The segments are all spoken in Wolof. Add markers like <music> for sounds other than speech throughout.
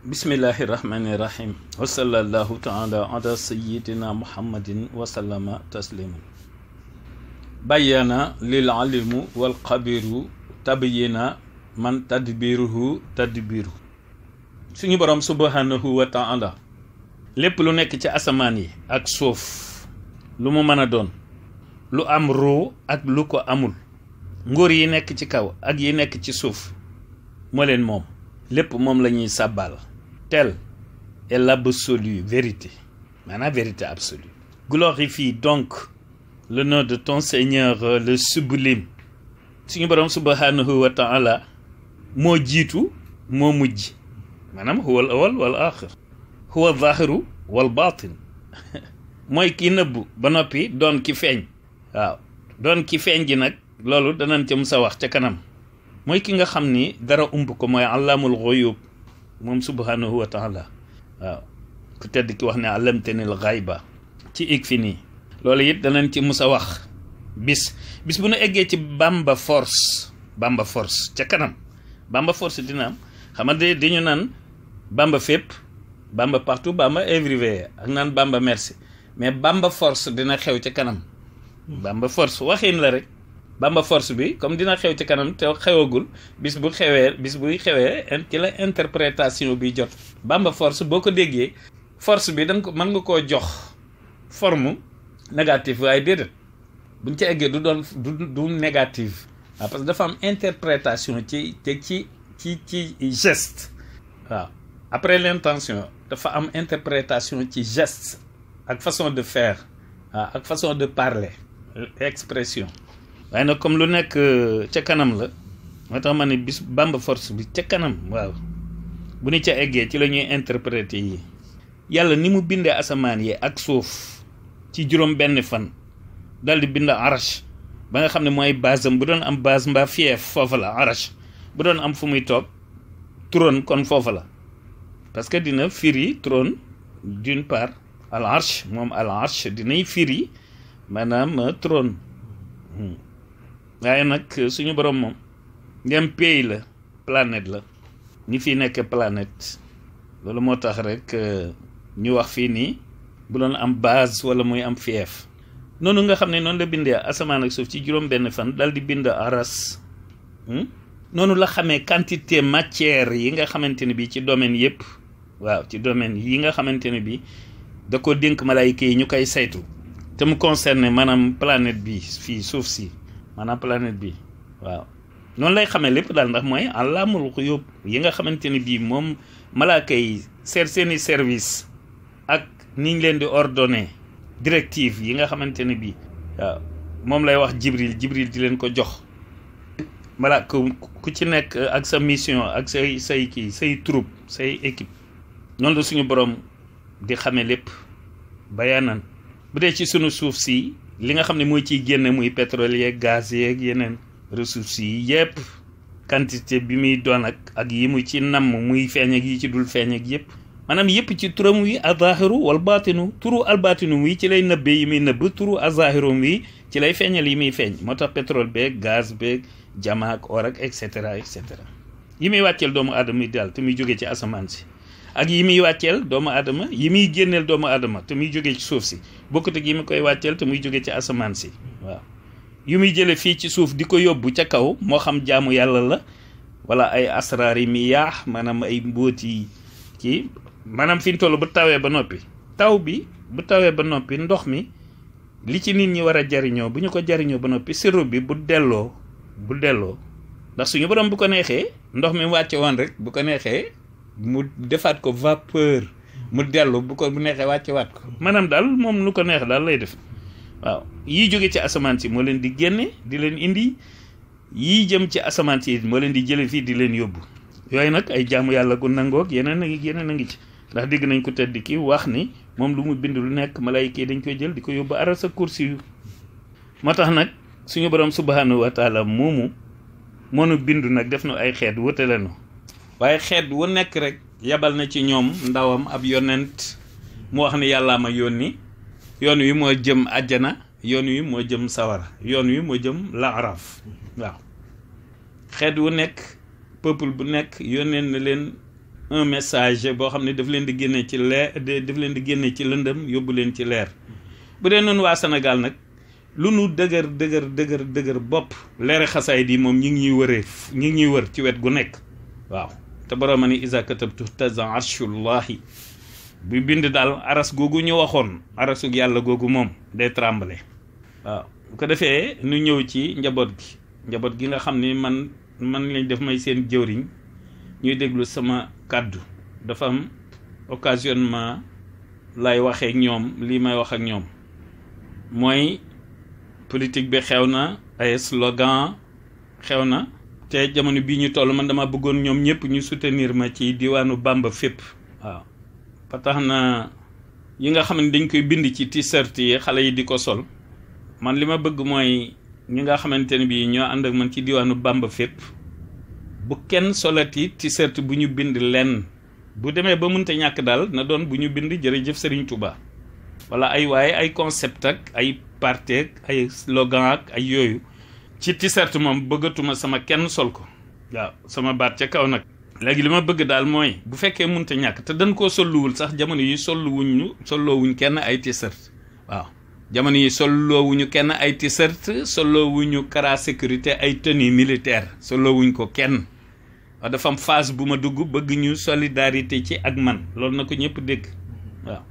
bismillahi rahmani rahim wasalallahu taala ala sayidina muhammadin wasallama tasliman bayyana lil alimu wal xabiru tabyina man tadbiruhu tadbiru suñu boroom subhanahu wa taala lépp lu nekk ci asamaan yi ak suuf lu mu mën a doon lu am ruu ak lu ko amul nguur yi nekk ci kaw ak yi nekk ci suuf moo leen moom lépp moom la ñuy sàbbaal telle est l'absolue vérité, la vérité absolue. Glorifie donc le nom de ton Seigneur euh, le sublime suñu subhanahu wa ta'ala Mo jitu, Manam huwa al awal wal akhir. huwa zahiru wal batin <laughs> Moi ki Don banopi, don ki feeñ waaw doon ki feeñ ji nag loolu danañ wax kanam ki nga dara umbu ko allamul moom subhaanahu wa taala waaw ku tedd ki wax ne àllamtenil ba ci ig fi nii loolu it danañ ci mus a wax bis bis bu nu eggee ci Bamba force Bamba force ca kanam Bamba force dina am xam nga de di ñu naan Bamba fépp Bamba partout Bamba everywhere ak naan Bamba merci mais Bamba force dina xew ca kanam hmm. Bamba force waxin la rek Bamba force bi comme dina xew ci kanam te xewagul bis bu xewee bis buy xewee ci la interprétation bi jot Bamba force boo ko déggee force bi danga ko mën nga koo jox forme négative waaye déedéet buñ ci eggee du doon du du négative waaw parce que dafa am interprétation ci ci ci ci geste waaw après l'intention dafa am interprétation ci geste ak façon de faire ak façon de parler expression waaye nag comme lu nekk euh, ca kanam la moo tax bis bamba force bi ca kanam waaw bu ni ca eggee ci la ñuy interpréter yi yàlla ni mu bindee asamaan yi ak suuf ci juróom benn fan dal di bind arash ba nga xam ne mooy base am bu doon am base mbaa fief foofa la arash bu doon am fu muy trône kon foofa la parce que dina firi trône d'une part al arsh moom al arsh dinay firi maanaam euh, trône hmm waaye nag suñu borom moom planet e pays e, hmm? la planète la ñi fi nekk planète loolu moo tax rek ñu wax fii nii bu doon am base wala muy am fief noonu nga xam ne noonu la bindee asamaan ak suuf ci juróom benn fan dal di bind aras noonu la xamee quantité matière yi nga xamante ne bi ci domaine yépp waaw ci domaine yi nga xamante ne bi da ko dénk malayka yi ñu koy saytu te mu concerné maanaam planète bi fii suuf si mana planète bi waaw non lay xamé lepp dal ndax moy alamul khuyub yi nga xamanteni bi mom yi ser seni service ak niñ ordone di ordonner directive yi nga xamanteni mom waaw mom lay wax jibril jibril di len ko jox mala ku ci nek ak sa mission ak say say ki say troupe say équipe non la suñu borom di xamé lepp bayanan bu dé ci sunu souf si li nga xam ne mooy ciy génn muy pétrole yeeg gaz yeeg yeneen ressources yi yépp quantité bi muy doon ak ak yi mu ci namm muy feeñ ak yi ci dul feeñ ak yépp maanaam yépp ci turam wi azahiru wal baatinu turu al baatinu wi ci lay nëbbee yi muy nëbb turu azahirum wi ci lay feeñal yi muy feeñ moo tax pétrole beeg gaz beeg jama ak or ak et cetera et cetera yi muy wàcceel doomu aadama yi daal te muy jóge ci asamaan si ak yi muy wàcceel doomu aadama yi muy génneel doomu aadama te muy jóge ci suuf si bokkut ak yi mu koy wàcceel te muy jóge ci asamaan si waaw yi muy jëlee fii ci suuf di ko yóbbu ca kaw moo xam jaamu yàlla la wala ay asraar yi muy yaax maanaam ay mbóoti kii maanaam fi ñu toll bu tawee ba noppi taw bi bu tawee ba noppi ndox mi li ci nit ñi war a jariñoo bu ñu ko jariñoo ba noppi sirop bi bu delloo bu delloo ndax suñu borom bu ko neexee ndox mi wàcce woon rek bu ko neexee mu defaat ko vapeur mu dellu bu ko bu neexee wàccewaat ko maanaam daal moom lu ko neex daal lay def waaw yii jóge ci asamaan si moo leen di génne di leen indi yi jëm ci asamaan si moo leen di jële fii di leen yóbbu yooyu nag ay jaamu yàlla gu nangoog yeneen a ngi yeneen a ngi ci ndax dégg nañ ko tedd kii wax ni moom lu mu bind lu nekk malaayika yi dañ koy jël di ko yóbbu aras ak kursi yu moo tax nag suñu borom subhanahu wa taala moomu moo nu bind nag def nu ay xeet wute lenu waaye xeet wu nekk rek yebal na ci ñoom ndawam ab yonent mu wax ni yàllaa ma yoon yónni yoon wi moo jëm àjjana yoon wi moo jëm sawara yoon wi moo jëm laaraaf waaw xeet wu nekk peuple bu nekk yónnee na leen un message boo xam ne daf leen di génne ci leer daf leen di génne ci lëndëm yóbbu leen ci leer bu dee noonu waa senegal nag lu nu dëgër dëgër dëgër dëgër bopp leere xasaay di moom ñi ngi wëree ñi ngi ñuy wër ci wet gu nekk waaw te borom a ni isa katabtu taza arshullahi bu bind daal aras googu ñu waxoon arasug yàlla googu moom day tremble waaw bu ko defee nu ñëw ci njaboot gi njaboot gi nga xam ne man man lañ def may seen jëwriñ ñuy déglu sama kàddu dafa am occasionnellement lay waxee ñoom lii may wax ak ñoom mooy politik bi xew na ay slogan xew na te jamono bi ñu tollu man dama bëggoon ñom ñepp ñu soutenir ma ci diwanu bamba fep waaw ba tax na yi nga xam dañ koy bind ci t-shirt yi xalé yi di sol man lima ma bëgg moy ñi nga xamanteni bi ño and ak man ci diwanu bamba fep bu kenn solati t-shirt bu ñu bind lenn bu démé ba mënta ñak dal na doon bu ñu bind jërëjëf Serigne Touba wala ay way ay concept ak ay parté ay slogan ak ay yoyu ci t-shirt moom bëggatuma sama kenn sol ko waaw sama baat ca kaw nag léegi li ma bëgg daal mooy bu fekkee mun munte ñàkk te dañ koo solluwul sax jamono yi solluwuñu solloowuñ kenn ay t-shirt waaw jamono yi solloowuñu kenn ay t-shirt solloowuñu sécurité ay tenue militaire solloowuñ ko kenn dafa am phase bu ma dugg bëgg ñu solidarité ci ak man loolu na ko ñëpp dégg waaw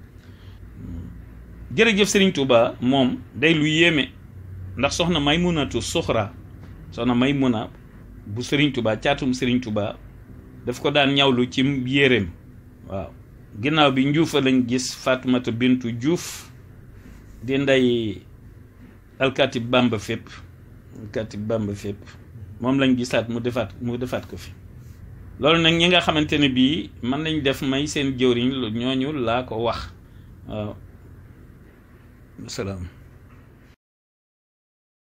jërëjëf Serigne Touba moom day lu yéeme ndax soxna may Maymunatu Suxra soxna may Maymuna bu sëriñ tubaa caatum sëriñ tubaa daf ko daan ñawlu ci yéreem waaw ginnaaw bi njuufa lañ gis Faatumata Bintu Juuf di ndey alkaati Bamba fépp alkaati Bamba fépp moom lañ gisaat mu defaat mu defaat ko fi loolu nag ñi nga xamante ne bii mën nañ def may seen jëwriñ ñooñu laa ko wax waaw